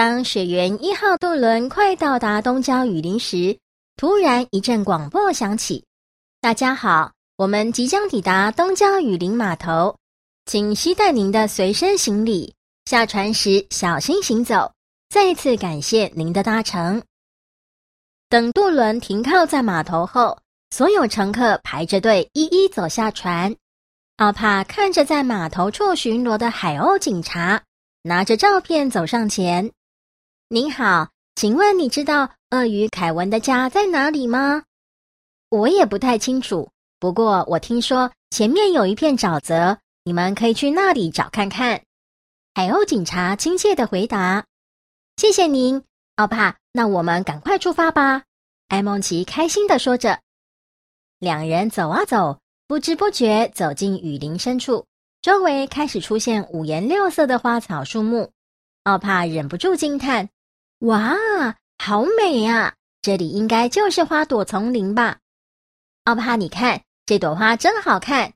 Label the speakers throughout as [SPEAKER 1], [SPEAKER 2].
[SPEAKER 1] 當水源一號渡輪快到達東郊雨林時，突然一陣廣播響起：“大家好，我們即將抵達東郊雨林碼頭，請攜帶您的隨身行李，下船時小心行走。再次感謝您的搭乘。”等渡輪停靠在碼頭後，所有乘客排着隊一一走下船。奧帕看着在碼頭處巡邏的海鷗警察，拿着照片走上前。您好，請問你知道鱷魚凱文的家在哪裡嗎？我也不太清楚，不過我聽說前面有一片沼澤，你們可以去那裡找看看。海鷗警察親切地回答：“謝謝您，奧帕。”那我們趕快出發吧！愛孟奇開心地說着。兩人走啊走，不知不覺走進雨林深處，周圍開始出現五顏六色的花草樹木，奧帕忍不住驚嘆。哇，好美啊！這裡應該就是花朵叢林吧？奧帕，你看這朵花真好看。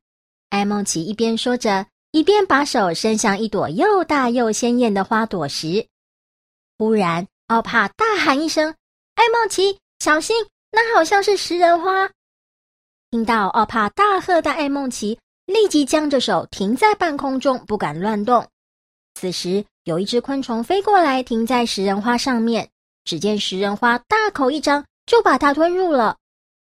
[SPEAKER 1] 愛孟奇一邊說着，一邊把手伸向一朵又大又鮮豔的花朵時，忽然奧帕大喊一聲：“愛孟奇，小心！那好像是食人花！”聽到奧帕大喝的愛孟奇立即僵着手停在半空中，不敢亂動。此時。有一隻昆蟲飛過來，停在食人花上面。只見食人花大口一張，就把它吞入了。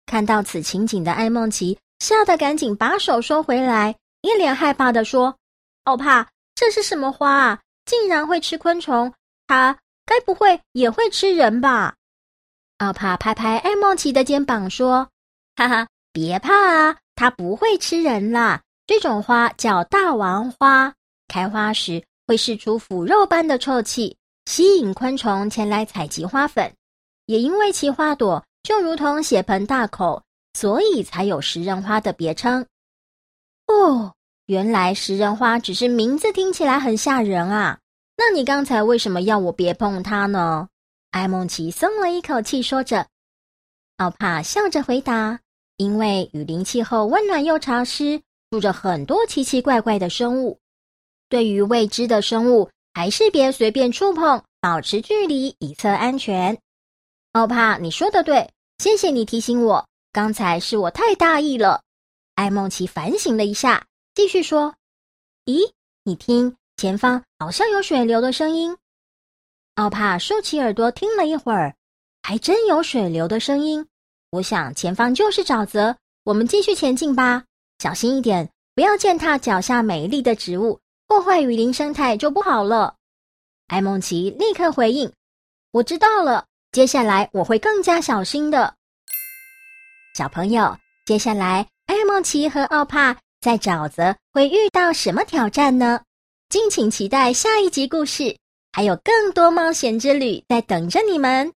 [SPEAKER 1] 看到此情景的愛孟奇嚇得趕緊把手收回來，一臉害怕地說：“奧帕，這是什麼花啊？竟然會吃昆蟲！它該不會也會吃人吧？”奧帕拍拍愛孟奇的肩膀說：“哈哈，別怕啊，它不會吃人啦。這種花叫大王花，開花時。”會釋出腐肉般的臭氣，吸引昆蟲前來採集花粉。也因為其花朵就如同血盆大口，所以才有食人花的別稱。哦，原來食人花只是名字聽起來很嚇人啊！那你剛才為什麼要我別碰它呢？愛孟奇鬆了一口氣，說着。奧帕笑着回答：“因為雨林氣候溫暖又潮濕，住着很多奇奇怪怪的生物。”對於未知的生物，還是別隨便觸碰，保持距離以策安全。奧帕，你說的對，謝謝你提醒我，剛才是我太大意了。愛孟奇反省了一下，繼續說：“咦，你聽，前方好像有水流的聲音。”奧帕豎起耳朵聽了一會兒，還真有水流的聲音。我想前方就是沼澤，我們繼續前進吧，小心一點，不要踐踏腳下美麗的植物。破壞雨林生態就不好了，愛孟奇立刻回應：“我知道了，接下來我會更加小心的。”小朋友，接下來愛孟奇和奧帕在沼澤會遇到什麼挑戰呢？敬請期待下一集故事，還有更多冒險之旅在等着你們。